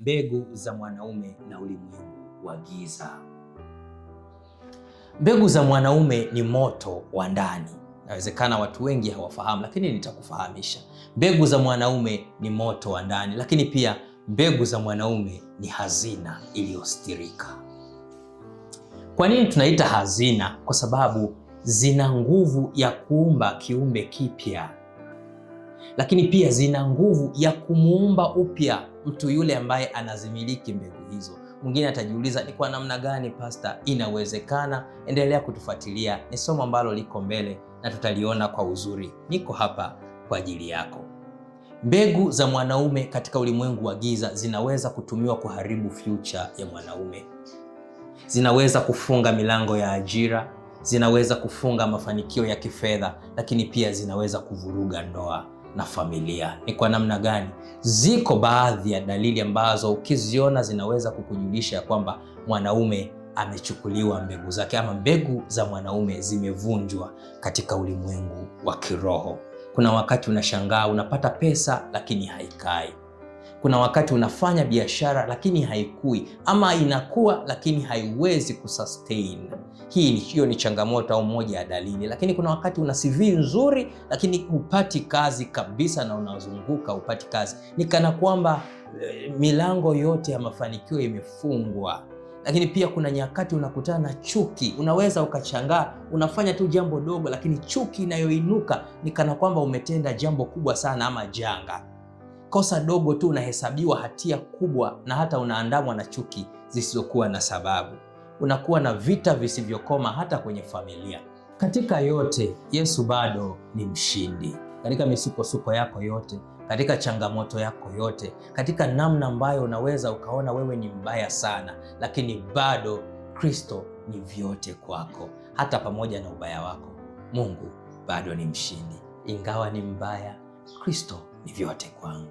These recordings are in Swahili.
mbegu za mwanaume na ulimwengu wa giza. Mbegu za mwanaume ni moto wa ndani. Inawezekana watu wengi hawafahamu, lakini nitakufahamisha. Mbegu za mwanaume ni moto wa ndani, lakini pia mbegu za mwanaume ni hazina iliyostirika. Kwa nini tunaita hazina? Kwa sababu zina nguvu ya kuumba kiumbe kipya lakini pia zina nguvu ya kumuumba upya mtu yule ambaye anazimiliki mbegu hizo. Mwingine atajiuliza ni kwa namna gani pasta inawezekana? Endelea kutufuatilia, ni somo ambalo liko mbele na tutaliona kwa uzuri. Niko hapa kwa ajili yako. Mbegu za mwanaume katika ulimwengu wa giza zinaweza kutumiwa kuharibu future ya mwanaume. Zinaweza kufunga milango ya ajira, zinaweza kufunga mafanikio ya kifedha, lakini pia zinaweza kuvuruga ndoa na familia. Ni kwa namna gani? Ziko baadhi ya dalili ambazo ukiziona zinaweza kukujulisha ya kwamba mwanaume amechukuliwa mbegu zake ama mbegu za mwanaume zimevunjwa katika ulimwengu wa kiroho. Kuna wakati unashangaa unapata pesa lakini haikai. Kuna wakati unafanya biashara lakini haikui, ama inakuwa lakini haiwezi kusustain. Hii hiyo ni changamoto au moja ya dalili. Lakini kuna wakati una CV nzuri lakini hupati kazi kabisa, na unazunguka hupati kazi, ni kana kwamba eh, milango yote ya mafanikio imefungwa. Lakini pia kuna nyakati unakutana na chuki. Unaweza ukachangaa, unafanya tu jambo dogo, lakini chuki inayoinuka ni kana kwamba umetenda jambo kubwa sana ama janga. Kosa dogo tu unahesabiwa hatia kubwa, na hata unaandamwa na chuki zisizokuwa na sababu. Unakuwa na vita visivyokoma hata kwenye familia. Katika yote, Yesu bado ni mshindi. Katika misukosuko yako yote, katika changamoto yako yote, katika namna ambayo unaweza ukaona wewe ni mbaya sana, lakini bado Kristo ni vyote kwako. Hata pamoja na ubaya wako, Mungu bado ni mshindi. Ingawa ni mbaya, Kristo ni vyote kwangu.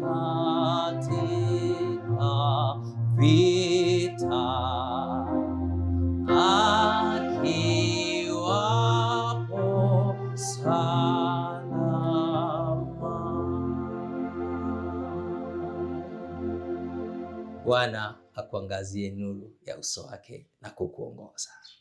katika vita akiwapo salama. Bwana akuangazie nuru ya uso wake na kukuongoza.